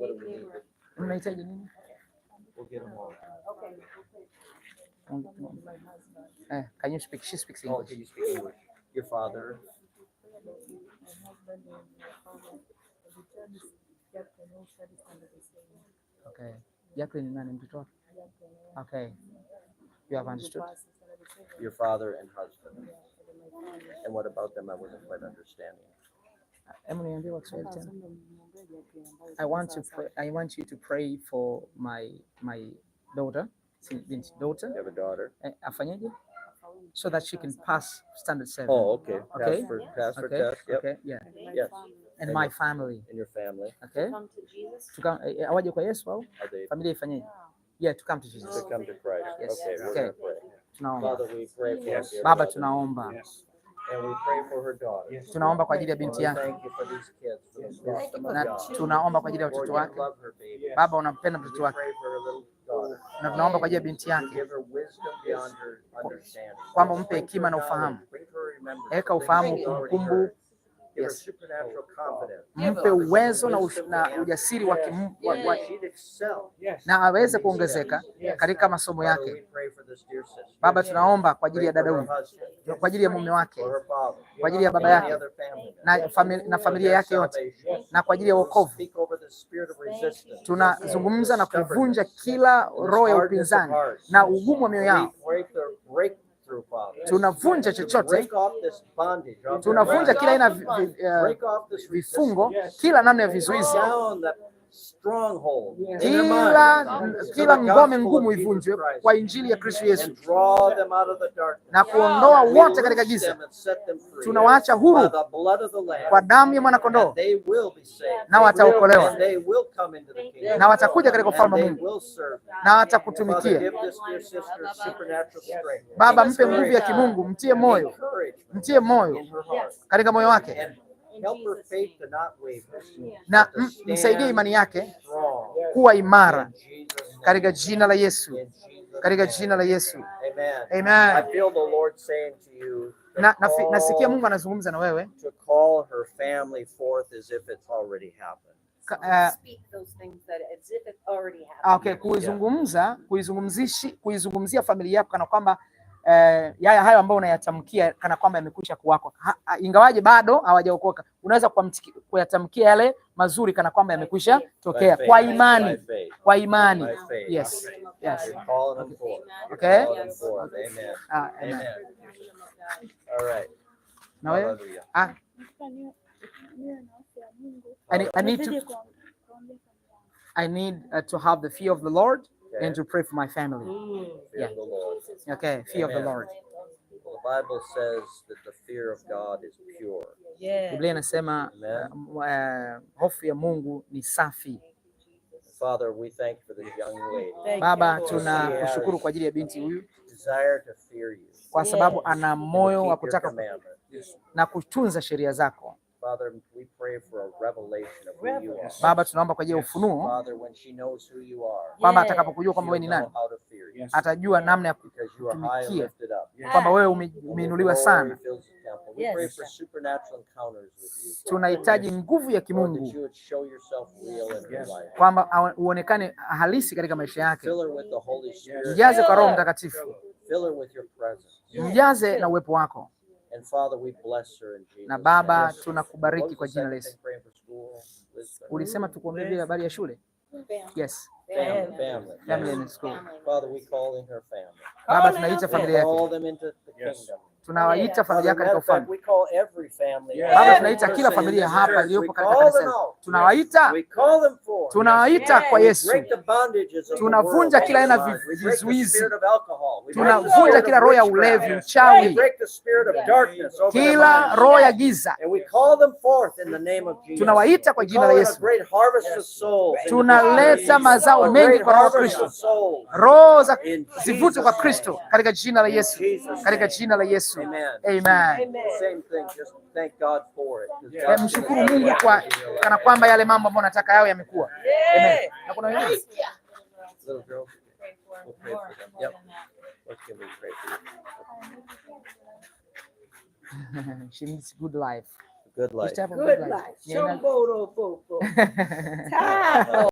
take it in? We'll get them all. Uh, can you speak? She speaks Oh, English. can you speak English? Your father, Okay. Jacqueline Okay. You have understood? your father and husband. And what about them? I wasn't quite understanding. Emily, niambie kwa Kiswahili I want to pray, I want you to pray for my my daughter, Cynth's daughter. You have a daughter. eh, so that she can pass standard seven. Oh, okay. Okay. Pass for, pass for Okay, test. Yep. okay, yeah. Yes. And my family, And your family. okay? Come to Jesus. To come, eh, eh, awaje kwa Yesu au Are they familia ifanyeje? Yeah, to come to Jesus. to come to Christ? Yes. Okay. Okay. to pray. Father, we pray for Yes. Baba, daughter, tunaomba. Yes. and we pray for her daughter. Yes. Tunaomba kwa ajili ya Lord, binti yake. Thank you for these kids. na tunaomba kwa ajili ya watoto wake. Baba, unampenda mtoto wake na tunaomba kwa ajili ya binti yake kwamba umpe hekima na ufahamu, eka ufahamu, kumbukumbu Yes. Mpe uwezo na, na ujasiri wa na aweze kuongezeka katika masomo yake. Baba, tunaomba kwa ajili ya dada huyu, kwa ajili ya mume wake, kwa ajili ya baba yake na, na familia yake yote, na kwa ajili ya wokovu. Tunazungumza na kuvunja kila roho ya upinzani na ugumu wa mioyo yao tunavunja chochote, tunavunja kila aina vifungo, kila namna ya vizuizi kila, kila ngome ngumu ivunjwe kwa Injili ya Kristo Yesu na kuondoa wote katika giza. Tunawaacha huru kwa damu ya mwanakondoo, na wataokolewa na watakuja katika ufalme wa Mungu na watakutumikia. Baba, mpe nguvu ya kimungu, mtie moyo, mtie moyo katika moyo wake na mm, msaidie imani yake kuwa imara katika jina la Yesu, katika jina la Yesu. Amen. I feel the Lord saying to you, na, nasikia Mungu anazungumza na wewe kuizungumza kuizungumzia familia yako kana kwamba eh, yaya hayo ambayo unayatamkia kana kwamba yamekwisha kuwako, ingawaje bado hawajaokoka. Unaweza kuyatamkia yale mazuri kana kwamba yamekwisha tokea kwa imani, kwa imani. Yes, yes. Okay. Ah, amen. Na wewe? Ah. I need, I need uh, to have the fear of the Lord Amen. and to pray for my family. Mm. Fear yeah. of the Lord. Okay, fear Amen. of the Lord. Well, the Bible says that the fear of God is pure. Yeah. Biblia eh, eh, Father, we thank you for this young lady. Thank Baba, tunakushukuru kwa ajili ya binti huyu Desire to fear you. kwa sababu ana moyo wa kutaka na kutunza sheria zako. Father, we pray for a revelation of who you are. Baba, tunaomba kwa ajili ya ufunuo. Baba atakapokujua kwamba wewe ni nani, atajua namna ya kutumikia kwamba wewe umeinuliwa sana. Tunahitaji nguvu ya kimungu kwamba uonekane halisi katika maisha yake. Mjaze kwa Roho Mtakatifu, mjaze na uwepo wako And Father, we bless her in Jesus. Na Baba tunakubariki kwa jina la Yesu. Ulisema tukuombee bila habari ya shule? Yes. Family. Family. Family. Family. Family. Father, we call in her family. Baba tunaita familia yake. Call them into the kingdom. tunawaita familia katika ufalme. Baba, tunaita kila familia hapa iliyopo katika kanisa, tunawaita tunawaita kwa Yesu, tunavunja kila aina vizuizi, tunavunja kila roho ya ulevi, uchawi, kila roho ya giza, tunawaita kwa jina la Yesu. Tunaleta mazao mengi kwa roho Kristo, roho zivute kwa Kristo katika jina la Yesu, katika jina la Yesu. Amen. Amen. Same thing, just thank God for it. Mshukuru Mungu kwa kana kwamba yale mambo ambayo nataka yao yamekuwa. Yep. she needs good life. Good life. Good,